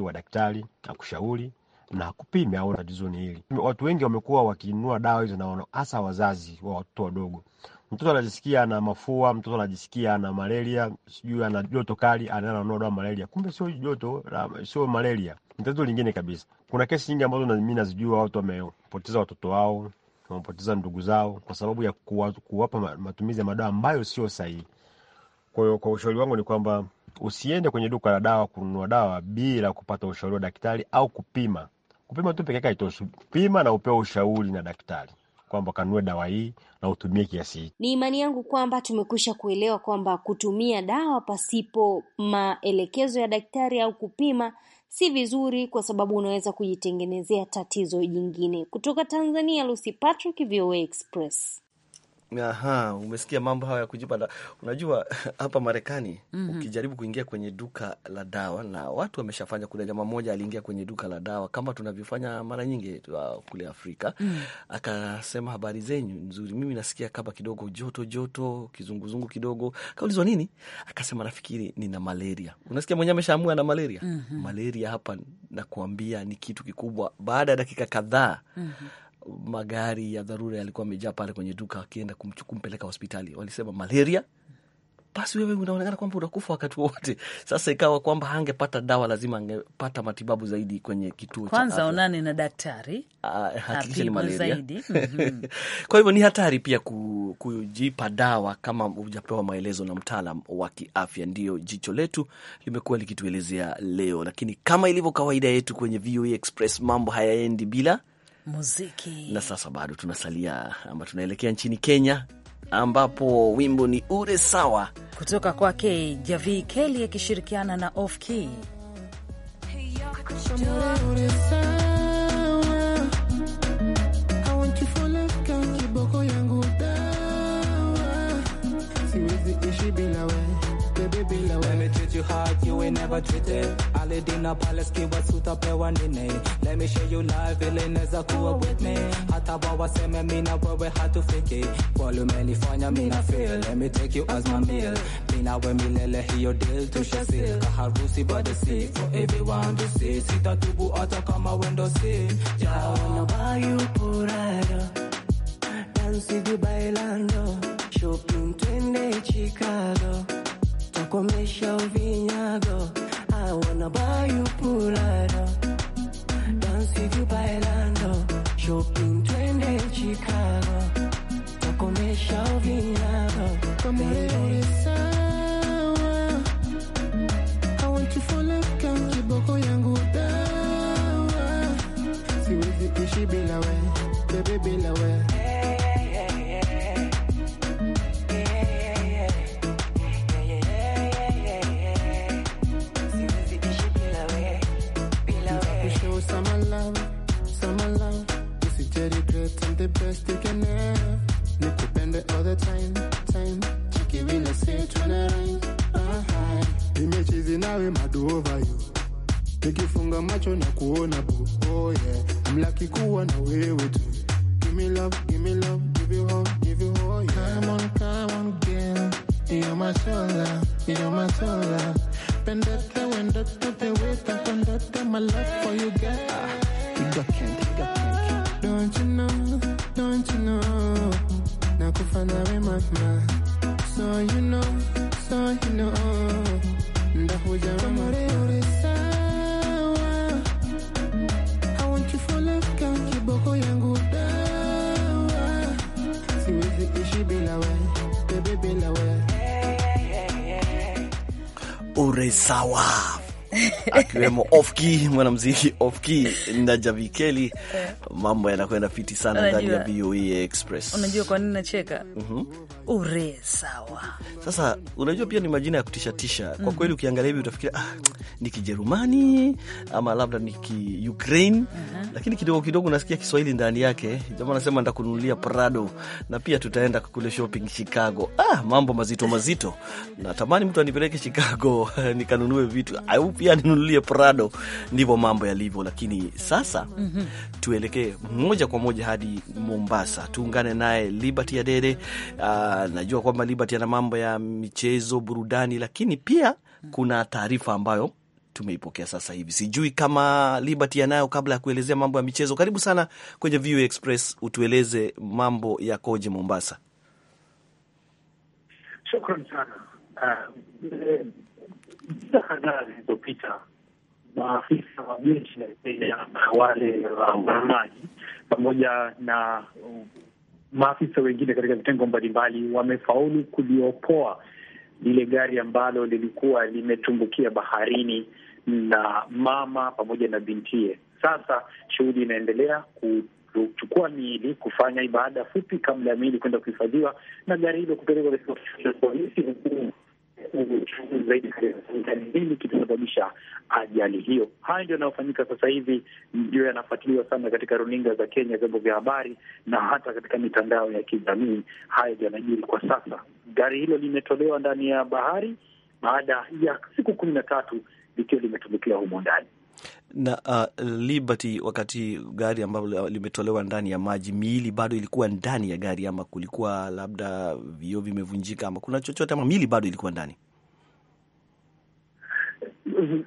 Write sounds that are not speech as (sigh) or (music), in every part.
wa daktari akushauri na kupime au tatizo ni hili. Watu wengi wamekuwa wakinunua dawa hizo, na hasa wazazi wa watoto wadogo. Mtoto anajisikia ana mafua, mtoto anajisikia ana malaria, sijui ana joto kali, ananunua dawa malaria, kumbe sio joto, sio malaria, ni tatizo lingine kabisa. Kuna kesi nyingi ambazo mimi nazijua, watu wamepoteza watoto wao, wamepoteza ndugu zao kwa sababu ya kuwapa matumizi ya madawa ambayo sio sahihi. Kwa hiyo kwa ushauri wangu ni kwamba Usiende kwenye duka la dawa kununua dawa bila kupata ushauri wa daktari au kupima. Kupima tu peke yake haitoshi. Pima na upewe ushauri na daktari kwamba kanunue dawa hii na utumie kiasi hiki. Ni imani yangu kwamba tumekwisha kuelewa kwamba kutumia dawa pasipo maelekezo ya daktari au kupima si vizuri, kwa sababu unaweza kujitengenezea tatizo jingine. Kutoka Tanzania, Lucy Patrick, VOA Express. Aha, umesikia mambo hayo ya kujipa. Unajua (laughs) hapa Marekani mm -hmm. Ukijaribu kuingia kwenye duka la dawa na watu wameshafanya, kuna jamaa mmoja aliingia kwenye duka la dawa kama tunavyofanya mara nyingi uh, kule Afrika mm -hmm. Akasema habari zenyu nzuri, mimi nasikia kama kidogo joto joto, kizunguzungu kidogo. Kaulizwa nini? Akasema nafikiri nina malaria. Unasikia mwenyewe ameshaamua na malaria mm -hmm. Malaria hapa nakuambia ni kitu kikubwa. Baada ya dakika kadhaa mm -hmm magari ya dharura yalikuwa amejaa pale kwenye duka, akienda kumpeleka hospitali, walisema malaria basi wewe unaonekana kwamba unakufa wakati wowote. Sasa ikawa kwamba angepata dawa, lazima angepata matibabu zaidi kwenye kituo kwanza, onane na daktari ah, hakikisha ni malaria zaidi. (laughs) Mhm. Kwa hivyo ni hatari pia kujipa dawa kama hujapewa maelezo na mtaalam wa kiafya. Ndiyo jicho letu limekuwa likituelezea leo, lakini kama ilivyo kawaida yetu kwenye VOA e Express, mambo hayaendi bila muziki. Na sasa bado tunasalia ama tunaelekea nchini Kenya ambapo wimbo ni ure sawa kutoka kwake Javi Keli akishirikiana na Off Key. treat you hard, you ain't never treated. Alidina pale skiwa sutapewa nini? Let me show you life ili neza kuwa with me. Hata wawaseme mina wewe hatufiki. Kwali umenifanya mina feel. Let me take you as my meal. Mina we milele hiyo deal tushasil. Kaharusi by the sea for everyone to see. Sita Sitatubu hata kama wendo see. Jaona bayu purero. Dansi Dubai bailando. Shopping twende I to buy you Pulana. Dance with you bailando. Shopping trend in Chicago. Takomesha vinado. Kama leo sawa. I want you for love, kama bila wewe, bebe Nimechezi uh-huh. nawe madova yo, nikifunga macho na kuona bo, oh yeah, mlaki kuwa na wewe tu. Give me love, give me love, give you all, give you all, yeah. Come on, come on girl, you're my shoulder, you're my shoulder. Pendete, wendete, weta, pendete, my love for you girl. tiga ken, tiga ken. Don't you know, don't you know, nakufana we mama sawa akiwemo Ofki mwanamziki Ofki na Javikeli. Mambo yanakwenda fiti sana ndani ya VOA e Express. Unajua kwa nini nacheka? mm -hmm ure sawa. Sasa unajua pia ni majina ya kutishatisha kwa mm Kweli ukiangalia hivi utafikiria ah, ni Kijerumani ama labda ni ki uh -huh. Lakini kidogo kidogo unasikia Kiswahili ndani yake. Jamaa anasema nitakununulia Prado na pia tutaenda kule shopping Chicago. Ah, mambo mazito mazito, natamani mtu anipeleke Chicago (laughs) nikanunue vitu au pia ninunulie Prado. Ndivyo mambo yalivyo, lakini sasa mm -hmm. tuelekee moja kwa moja hadi Mombasa tuungane naye Liberty Adede uh, najua kwamba Liberty ana mambo ya michezo, burudani, lakini pia kuna taarifa ambayo tumeipokea sasa hivi. Sijui kama Liberty anayo kabla ya kuelezea mambo ya michezo. Karibu sana kwenye VOA Express, utueleze mambo yakoje Mombasa. Shukran sana. Uh, kadhaa zilizopita maafisa wa jeshi wale waandamanaji pamoja na maafisa wengine katika vitengo mbalimbali wamefaulu kuliopoa lile gari ambalo lilikuwa limetumbukia baharini na mama pamoja na bintie. Sasa shughuli inaendelea kuchukua miili, kufanya ibada fupi kabla ya miili kwenda kuhifadhiwa na gari hilo kupelekwa katika polisi, huku uchunguzi zaidi katika mbili kilisababisha ajali hiyo. Haya ndio yanayofanyika sasa hivi, ndio yanafuatiliwa sana katika runinga za Kenya, vyombo vya habari na hata katika mitandao ya kijamii. Haya ndio yanajiri kwa sasa. Gari hilo limetolewa ndani ya bahari baada ya siku kumi na tatu likiwa limetumikia humo ndani na uh, Liberty, wakati gari ambalo limetolewa ndani ya maji, miili bado ilikuwa ndani ya gari, ama kulikuwa labda vioo vimevunjika, ama kuna chochote, ama miili bado ilikuwa ndani?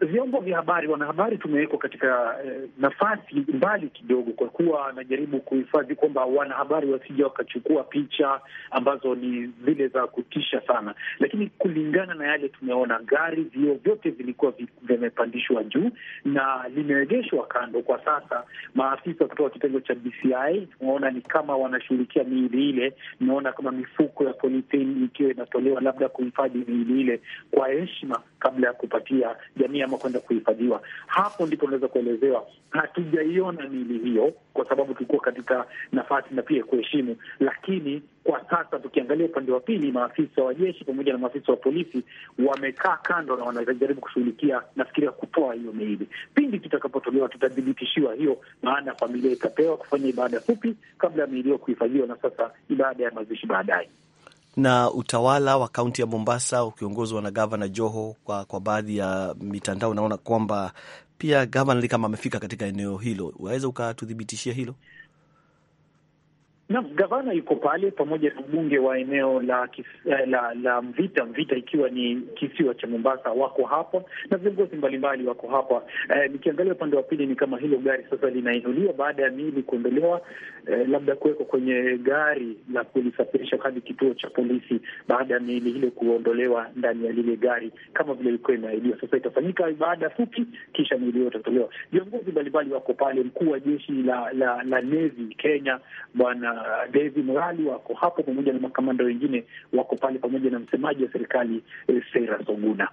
vyombo vya habari, wanahabari tumewekwa katika eh, nafasi mbali kidogo, kwa kuwa anajaribu kuhifadhi kwamba wanahabari wasija wakachukua picha ambazo ni zile za kutisha sana, lakini kulingana na yale tumeona, gari vio vyote vilikuwa vimepandishwa juu na limeegeshwa kando. Kwa sasa maafisa kutoka kitengo cha BCI tumeona ni kama wanashughulikia miili ile. imeona kama mifuko ya polithini ikiwa inatolewa labda kuhifadhi miili ile kwa heshima kabla ya kupatia kijamii ama kwenda kuhifadhiwa. Hapo ndipo unaweza kuelezewa. Hatujaiona mili hiyo kwa sababu tulikuwa katika nafasi na pia kuheshimu, lakini kwa sasa tukiangalia upande wa pili, maafisa wa jeshi pamoja na maafisa wa polisi wamekaa kando na wanajaribu kushughulikia, nafikiria kutoa hiyo miili. Pindi tutakapotolewa, tutathibitishiwa hiyo, maana familia itapewa kufanya ibada fupi kabla ya miili hiyo kuhifadhiwa, na sasa ibada ya mazishi baadaye na utawala wa kaunti ya Mombasa ukiongozwa na gavana Joho. Kwa, kwa baadhi ya mitandao naona kwamba pia gavana ni kama amefika katika eneo hilo. Unaweza ukatuthibitishia hilo? Naam, gavana yuko pale pamoja na mbunge wa eneo la, la eh, la la Mvita, Mvita ikiwa ni kisiwa cha Mombasa, wako hapa na viongozi mbalimbali wako hapa. Eh, nikiangalia upande wa pili ni kama hilo gari sasa linainuliwa baada ya miili kuondolewa, eh, labda kuwekwa kwenye gari la kulisafirisha hadi kituo cha polisi, baada ya miili hilo kuondolewa ndani ya lile gari kama vile ilikuwa imeahidiwa. Sasa itafanyika ibada fupi, kisha miili hiyo itatolewa. Viongozi mbalimbali wako pale, mkuu wa jeshi la la, la, la navy Kenya bwana Uh, David Murali wako hapo pamoja na makamanda wengine wako pale pamoja na msemaji wa serikali eh, Sera Soguna.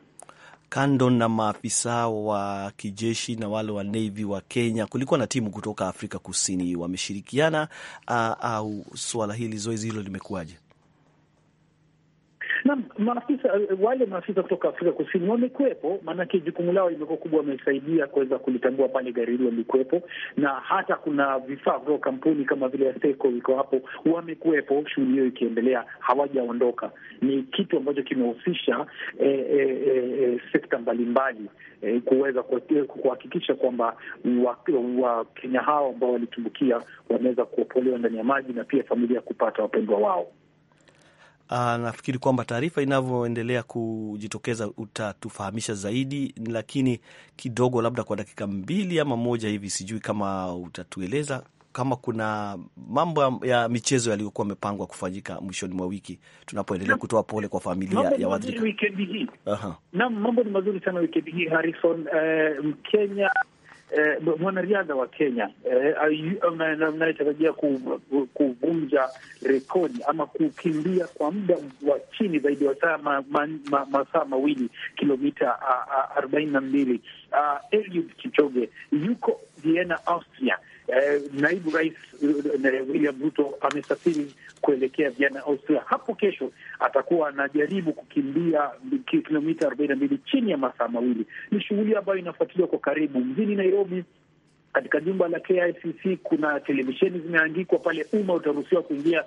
Kando na maafisa wa kijeshi na wale wa navy wa Kenya, kulikuwa na timu kutoka Afrika Kusini. Wameshirikiana uh, au swala hili, zoezi hilo limekuwaje? Na maafisa wale maafisa kutoka Afrika Kusini wamekuwepo, maanake jukumu lao imekuwa kubwa, wamesaidia kuweza kulitambua pale gari hilo lilikuwepo, na hata kuna vifaa vya kampuni kama vile Aseko iko hapo, wamekuwepo shughuli hiyo ikiendelea, hawajaondoka. Ni kitu ambacho kimehusisha e, e, e, e sekta mbalimbali e, kuweza kuhakikisha kwamba Wakenya hao ambao walitumbukia wameweza kuopolewa ndani ya maji na pia familia kupata wapendwa wao. Ah, nafikiri kwamba taarifa inavyoendelea kujitokeza utatufahamisha zaidi, lakini kidogo, labda kwa dakika mbili ama moja hivi, sijui kama utatueleza kama kuna mambo ya michezo yaliyokuwa amepangwa kufanyika mwishoni mwa wiki, tunapoendelea kutoa pole kwa familia ya waathirika. Wikendi hii naam, mambo ni mazuri sana wikendi hii Harrison. Eh, Mkenya eh, mwanariadha wa Kenya eh, anayetarajia kuvunja rekodi ama kukimbia kwa muda wa chini zaidi ya masaa mawili kilomita arobaini na mbili ah, Eliud Kipchoge yuko Vienna, Austria eh, naibu rais eh, eh, William Ruto amesafiri kuelekea Vienna, Austria. Hapo kesho atakuwa anajaribu kukimbia kilomita arobaini na mbili chini ya masaa mawili. Ni shughuli ambayo inafuatiliwa kwa karibu mjini Nairobi katika jumba la KICC kuna televisheni zimeandikwa pale, umma utaruhusiwa kuingia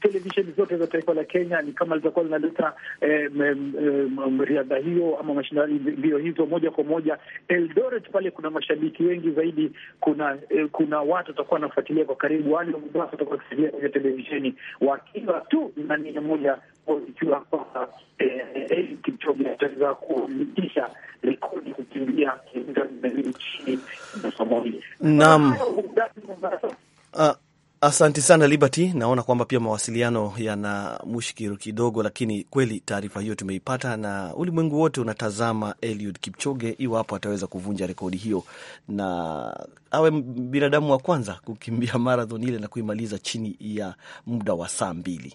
televisheni zote za taifa la Kenya ni kama litakuwa linaleta eh, riadha hiyo ama mashindano mbio hizo moja kwa moja Eldoret. Pale kuna mashabiki wengi zaidi, kuna eh, kuna watu watakuwa wanafuatilia kwa karibu, wale watakuwa wakifuatilia kwenye televisheni wakiwa tu na nia moja likiwa kwamba eh, eh, Kipchoge ataweza kuitisha rekodi kukimbia kilomita themanini nchini Somalia. Naam. Ah, asante sana Liberty. Naona kwamba pia mawasiliano yana mushkiru kidogo, lakini kweli taarifa hiyo tumeipata na ulimwengu wote unatazama Eliud Kipchoge iwapo ataweza kuvunja rekodi hiyo na awe binadamu wa kwanza kukimbia (laughs) marathon ile na kuimaliza chini ya muda wa saa mbili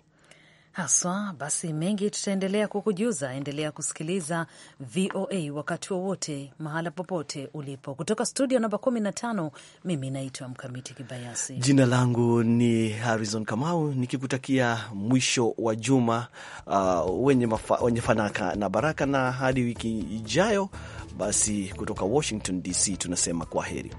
haswa. Basi mengi tutaendelea kukujuza. Endelea kusikiliza VOA wakati wowote, mahala popote ulipo. Kutoka studio namba 15, mimi naitwa Mkamiti Kibayasi. Jina langu ni Harrison Kamau, nikikutakia mwisho wa juma uh, wenye, mafa, wenye fanaka na baraka, na hadi wiki ijayo. Basi kutoka Washington DC tunasema kwa heri.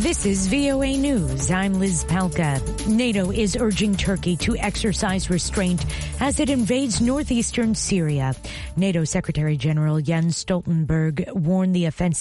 This is VOA News. I'm Liz Palka. NATO is urging Turkey to exercise restraint as it invades northeastern Syria. NATO Secretary General Jens Stoltenberg warned the offensive